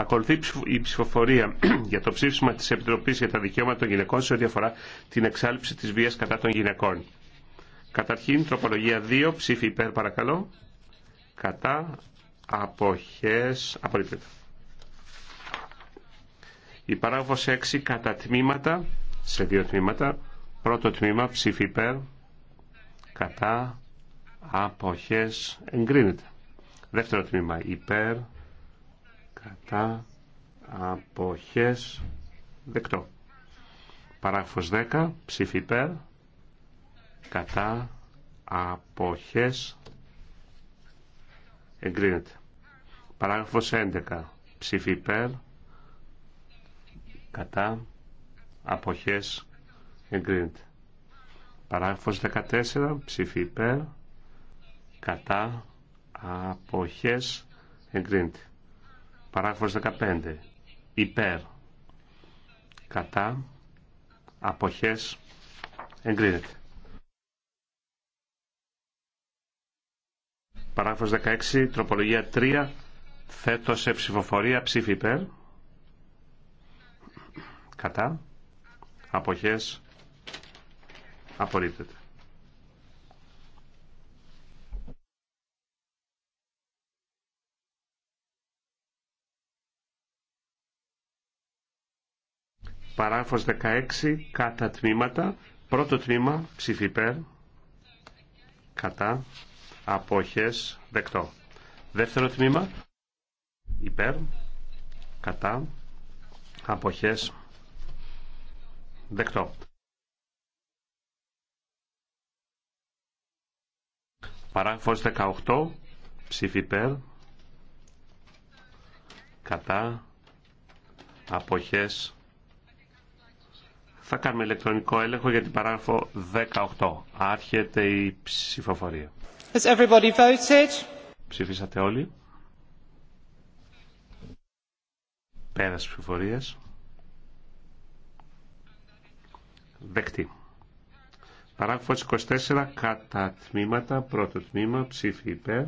Ακολουθεί η ψηφοφορία για το ψήφισμα τη Επιτροπή για τα Δικαιώματα των Γυναικών σε ό,τι αφορά την εξάλληψη τη βία κατά των γυναικών. Καταρχήν, τροπολογία 2, ψήφι υπέρ παρακαλώ. Κατά αποχές απορρίπτεται. Η παράγραφος 6 κατά τμήματα, σε δύο τμήματα. Πρώτο τμήμα ψήφι υπέρ, κατά αποχές εγκρίνεται. Δεύτερο τμήμα υπέρ, κατά αποχές δεκτό. Παράγραφος 10 ψήφι υπέρ κατά αποχές εγκρίνεται. Παράγραφος 11 ψήφι υπέρ κατά αποχές εγκρίνεται. Παράγραφος 14 ψήφι υπέρ κατά αποχές εγκρίνεται. Παράγραφος 15. Υπέρ. Κατά. Αποχές. Εγκρίνεται. Παράγραφος 16. Τροπολογία 3. Θέτω σε ψηφοφορία ψήφι υπέρ. Κατά. Αποχές. Απορρίπτεται. Παράγραφος 16 κατά τμήματα. Πρώτο τμήμα ψήφι Κατά. Απόχες. Δεκτό. Δεύτερο τμήμα. Υπέρ. Κατά. Απόχες. Δεκτό. Παράγραφος 18 ψήφι Κατά. Απόχες θα κάνουμε ηλεκτρονικό έλεγχο για την παράγραφο 18. Άρχεται η ψηφοφορία. Has everybody όλοι. Πέρας ψηφοφορίας. Δεκτή. Παράγραφο 24. Κατά τμήματα. Πρώτο τμήμα. Ψήφι υπέρ.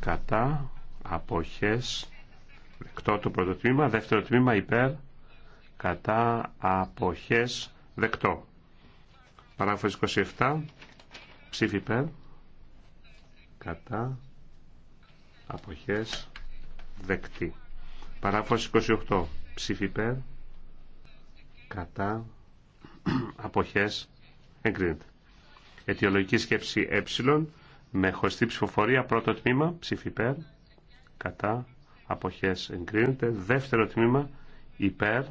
Κατά. Αποχές. Δεκτό το πρώτο τμήμα. Δεύτερο τμήμα υπέρ κατά αποχές δεκτό. Παράγραφος 27 ψήφι υπέρ κατά αποχές δεκτή. Παράγραφος 28 ψήφι υπέρ κατά αποχές εγκρίνεται. Αιτιολογική σκέψη ε με χωριστή ψηφοφορία πρώτο τμήμα ψήφι υπέρ κατά αποχές εγκρίνεται. Δεύτερο τμήμα υπέρ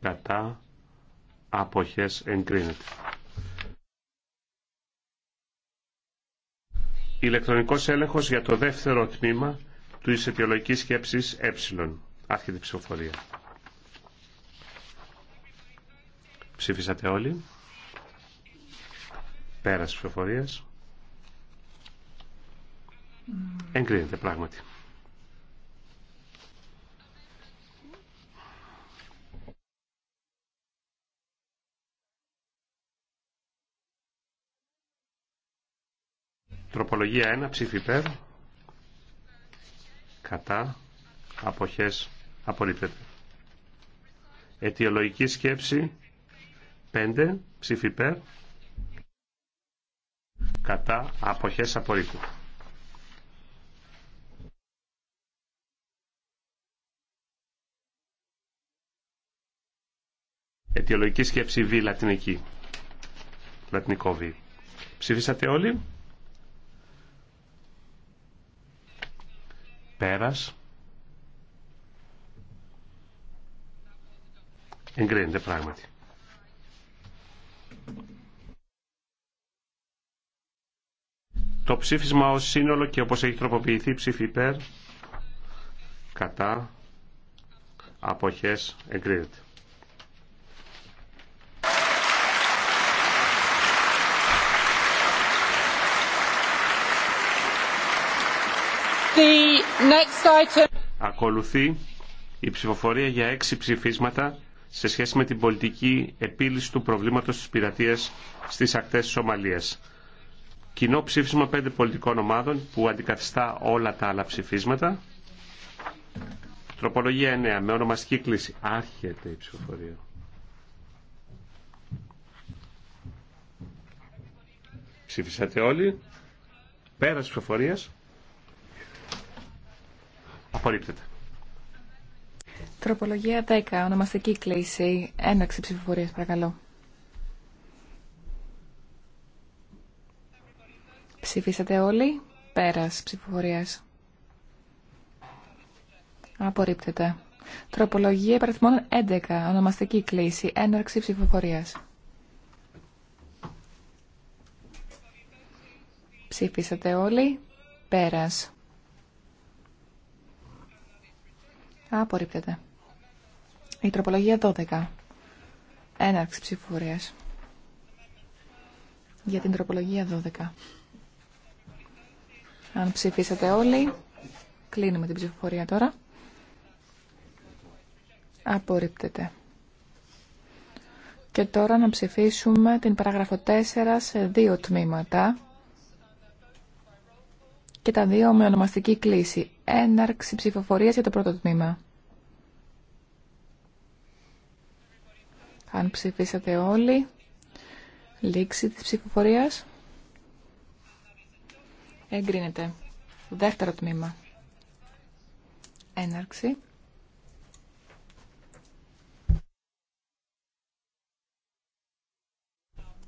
κατά αποχές εγκρίνεται. Ηλεκτρονικός έλεγχος για το δεύτερο τμήμα του εισαιτιολογικής σκέψης ε. Άρχεται ψηφοφορία. Ψήφισατε όλοι. Πέρας ψηφοφορίας. Εγκρίνεται πράγματι. Τροπολογία 1. Ψήφι υπέρ. Κατά. Αποχές. Απορρίπτεται. Αιτιολογική σκέψη 5. Ψήφι υπέρ. Κατά. Αποχές. Απορρίπτεται. Αιτιολογική σκέψη Β. Λατινική. Λατινικό Β. Ψηφίσατε όλοι. Πέρας. Εγκρίνεται πράγματι. Το ψήφισμα ως σύνολο και όπως έχει τροποποιηθεί ψήφι υπέρ, κατά, αποχές, εγκρίνεται. Ακολουθεί η ψηφοφορία για έξι ψηφίσματα σε σχέση με την πολιτική επίλυση του προβλήματος της πειρατείας στις ακτές της Σομαλίας. Κοινό ψήφισμα πέντε πολιτικών ομάδων που αντικαθιστά όλα τα άλλα ψηφίσματα. Τροπολογία 9 με ονομαστική κλίση. Άρχεται η ψηφοφορία. Ψήφισατε όλοι. Πέρας ψηφοφορίας. Απορρίπτεται. Τροπολογία 10. Ονομαστική κλίση. Έναξη ψηφοφορίας, παρακαλώ. Ψηφίσατε όλοι. Πέρας ψηφοφορίας. Απορρίπτεται. Τροπολογία υπαριθμών 11. Ονομαστική κλίση. Έναρξη ψηφοφορίας. Ψηφίσατε όλοι. Πέρας. Απορρίπτεται. Η τροπολογία 12. Έναρξη ψηφοφορία. Για την τροπολογία 12. Αν ψηφίσατε όλοι, κλείνουμε την ψηφοφορία τώρα. Απορρίπτεται. Και τώρα να ψηφίσουμε την παράγραφο 4 σε δύο τμήματα και τα δύο με ονομαστική κλίση έναρξη ψηφοφορία για το πρώτο τμήμα. Αν ψηφίσατε όλοι, λήξη της ψηφοφορίας. Εγκρίνεται. Δεύτερο τμήμα. Έναρξη.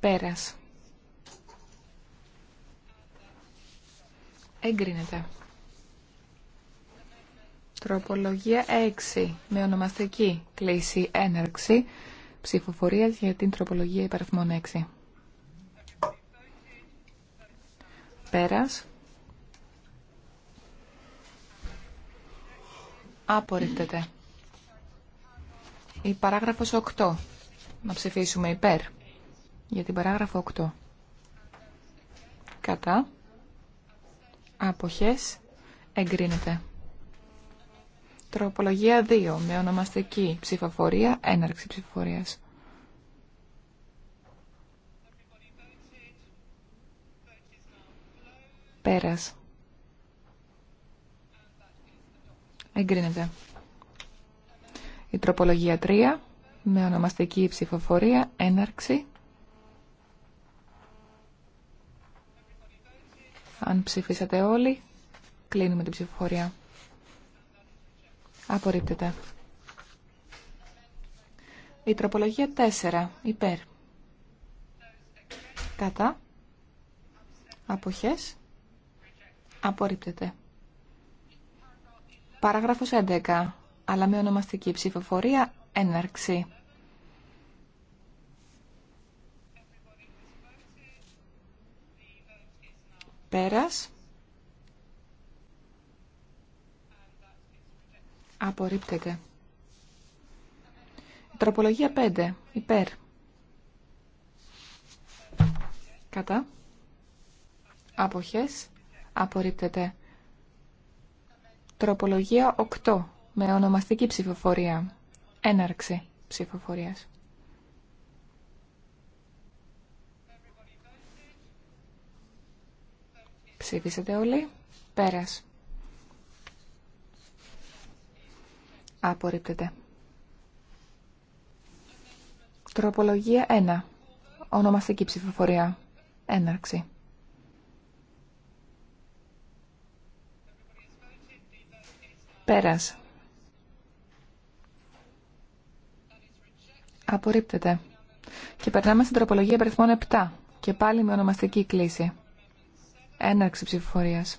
Πέρας. Εγκρίνεται. Τροπολογία 6. Με ονομαστική κλίση έναρξη ψηφοφορία για την τροπολογία υπαριθμών 6. Πέρας. Απορρίπτεται. Η παράγραφο 8. Να ψηφίσουμε υπέρ. Για την παράγραφο 8. Κατά. Αποχές. Εγκρίνεται. Τροπολογία 2 με ονομαστική ψηφοφορία, έναρξη ψηφοφορίας. Πέρας. Εγκρίνεται. Η τροπολογία 3 με ονομαστική ψηφοφορία, έναρξη. Αν ψηφίσατε όλοι, κλείνουμε την ψηφοφορία. Απορρίπτεται. Η τροπολογία 4. Υπέρ. Κατά. Αποχές. Απορρίπτεται. Παράγραφος 11. Αλλά με ονομαστική ψηφοφορία έναρξη. Πέρας. Απορρίπτεται. Τροπολογία 5. Υπέρ. Κατά. Αποχές. Απορρίπτεται. Τροπολογία 8. Με ονομαστική ψηφοφορία. Έναρξη ψηφοφορίας. Ψήφισετε όλοι. Πέρας. Απορρίπτεται. Τροπολογία 1. Ονομαστική ψηφοφορία. Έναρξη. Πέρας. Απορρίπτεται. Και περνάμε στην τροπολογία περιθμών 7. Και πάλι με ονομαστική κλίση. Έναρξη ψηφοφορίας.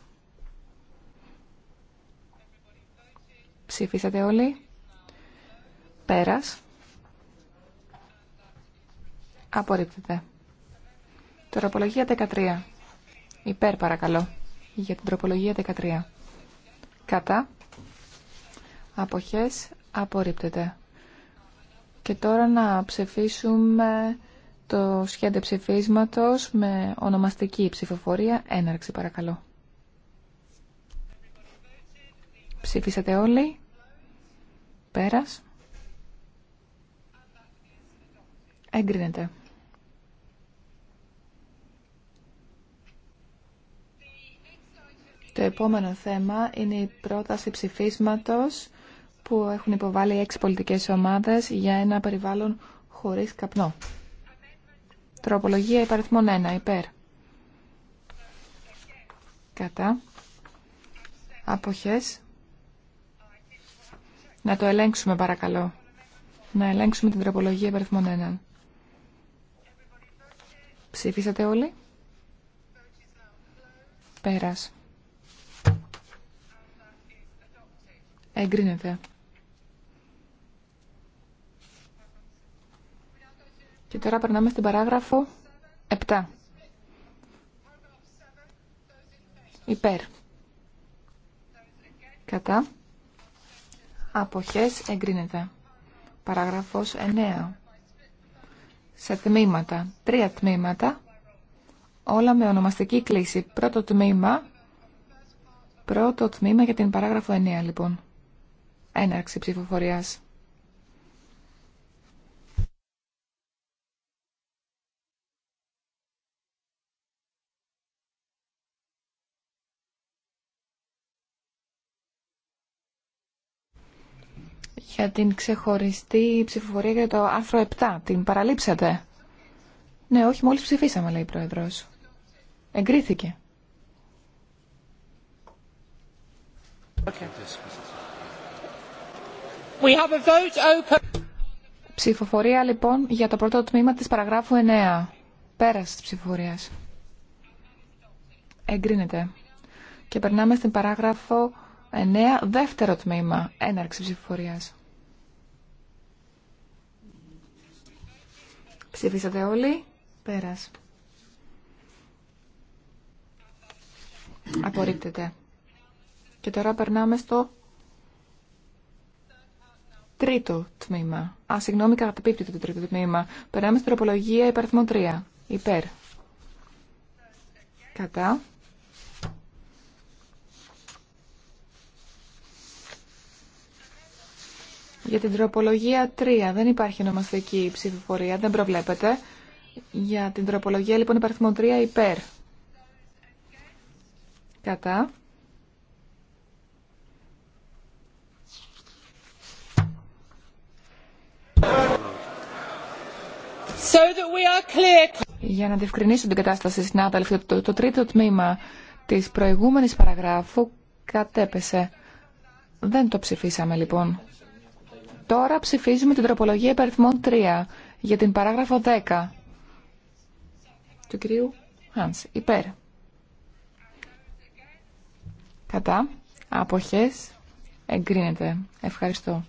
Ψηφίσατε όλοι. Πέρας. Απορρίπτεται. Τροπολογία 13. Υπέρ παρακαλώ. Για την τροπολογία 13. Κατά. Αποχές. Απορρίπτεται. Και τώρα να ψηφίσουμε το σχέδιο ψηφίσματος με ονομαστική ψηφοφορία έναρξη παρακαλώ. Ψήφισατε όλοι. Πέρας. Εγκρίνεται. Το επόμενο θέμα είναι η πρόταση ψηφίσματος που έχουν υποβάλει έξι πολιτικές ομάδες για ένα περιβάλλον χωρίς καπνό. Τροπολογία υπαριθμών 1. Υπέρ. Κατά. Αποχές. Να το ελέγξουμε παρακαλώ. Να ελέγξουμε την τροπολογία υπαριθμών 1. Ψήφισατε όλοι. Πέρας. Εγκρίνεται. Και τώρα περνάμε στην παράγραφο 7. Υπέρ. Κατά αποχές εγκρίνεται. Παράγραφος 9. Σε τμήματα. Τρία τμήματα. Όλα με ονομαστική κλίση. Πρώτο τμήμα. Πρώτο τμήμα για την παράγραφο 9 λοιπόν. Έναρξη ψηφοφορίας. για την ξεχωριστή ψηφοφορία για το άρθρο 7. Την παραλείψατε. Ναι, όχι, μόλις ψηφίσαμε, λέει η Πρόεδρος. Εγκρίθηκε. We have a vote open. Ψηφοφορία, λοιπόν, για το πρώτο τμήμα της παραγράφου 9. Πέραση της ψηφοφορίας. Εγκρίνεται. Και περνάμε στην παράγραφο 9, δεύτερο τμήμα, έναρξη ψηφοφορίας. Ψηφίσατε όλοι. Πέρας. Απορρίπτεται. Και τώρα περνάμε στο τρίτο τμήμα. Α, συγγνώμη, καταπίπτεται το τρίτο τμήμα. Περνάμε στην τροπολογία υπαριθμό 3. Υπέρ. Κατά. Για την τροπολογία 3 δεν υπάρχει ονομαστική ψηφοφορία, δεν προβλέπεται. Για την τροπολογία λοιπόν υπαριθμό 3 υπέρ. Κατά. So that we are clear. Για να διευκρινίσω την κατάσταση, συνάδελφοι, το, το τρίτο τμήμα της προηγούμενης παραγράφου κατέπεσε. Δεν το ψηφίσαμε λοιπόν τώρα ψηφίζουμε την τροπολογία υπεριθμών 3 για την παράγραφο 10 του κυρίου Χάνς. Υπέρ. Κατά. Αποχές. Εγκρίνεται. Ευχαριστώ.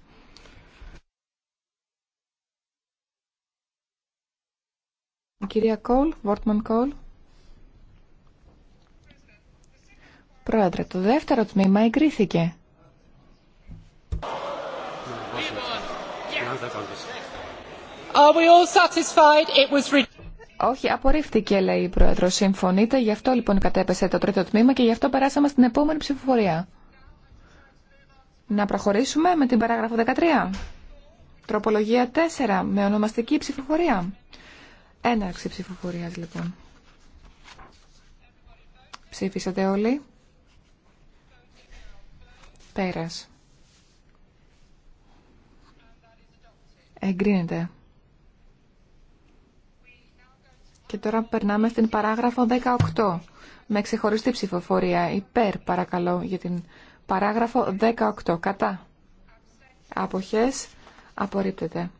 κυρία Κόλ, Βόρτμαν Κόλ. Πρόεδρε, το δεύτερο τμήμα εγκρίθηκε. Όχι, απορρίφθηκε, λέει η Πρόεδρο. Συμφωνείτε, γι' αυτό λοιπόν κατέπεσε το τρίτο τμήμα και γι' αυτό περάσαμε στην επόμενη ψηφοφορία. Να προχωρήσουμε με την παράγραφο 13. Τροπολογία 4, με ονομαστική ψηφοφορία. Έναρξη ψηφοφορίας, λοιπόν. Ψήφισατε όλοι. Πέρας. Εγκρίνεται. Και τώρα περνάμε στην παράγραφο 18. Με ξεχωριστή ψηφοφορία. Υπέρ παρακαλώ για την παράγραφο 18. Κατά. Αποχές. Απορρίπτεται.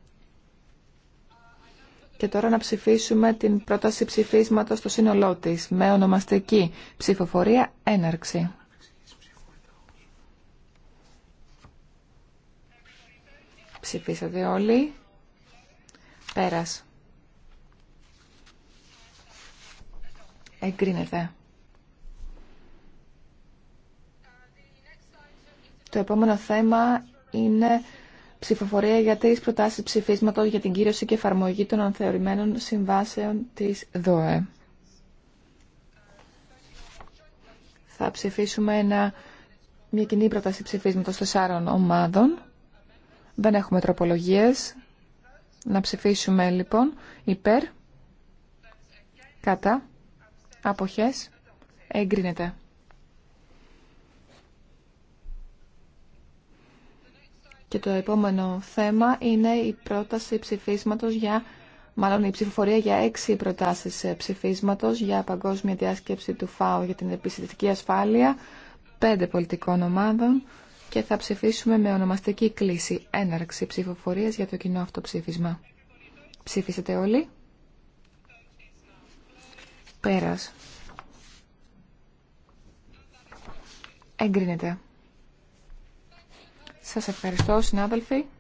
Και τώρα να ψηφίσουμε την πρόταση ψηφίσματος στο σύνολό της με ονομαστική ψηφοφορία έναρξη. Ψηφίσατε όλοι. Πέρας. Εγκρίνεται. Το επόμενο θέμα είναι ψηφοφορία για τις προτάσεις ψηφίσματος για την κύρωση και εφαρμογή των ανθεωρημένων συμβάσεων της ΔΟΕ. Θα ψηφίσουμε ένα, μια κοινή πρόταση ψηφίσματος τεσσάρων ομάδων. Δεν έχουμε τροπολογίες. Να ψηφίσουμε λοιπόν υπέρ, κατά, αποχές, εγκρίνεται. Και το επόμενο θέμα είναι η πρόταση ψηφίσματος για, μάλλον η ψηφοφορία για έξι προτάσεις ε, ψηφίσματος για παγκόσμια διάσκεψη του ΦΑΟ για την επιστημική ασφάλεια πέντε πολιτικών ομάδων και θα ψηφίσουμε με ονομαστική κλίση έναρξη ψηφοφορίας για το κοινό αυτοψήφισμα. Ψήφισετε όλοι. Πέρας. Εγκρίνεται. Σας ευχαριστώ συνάδελφοι.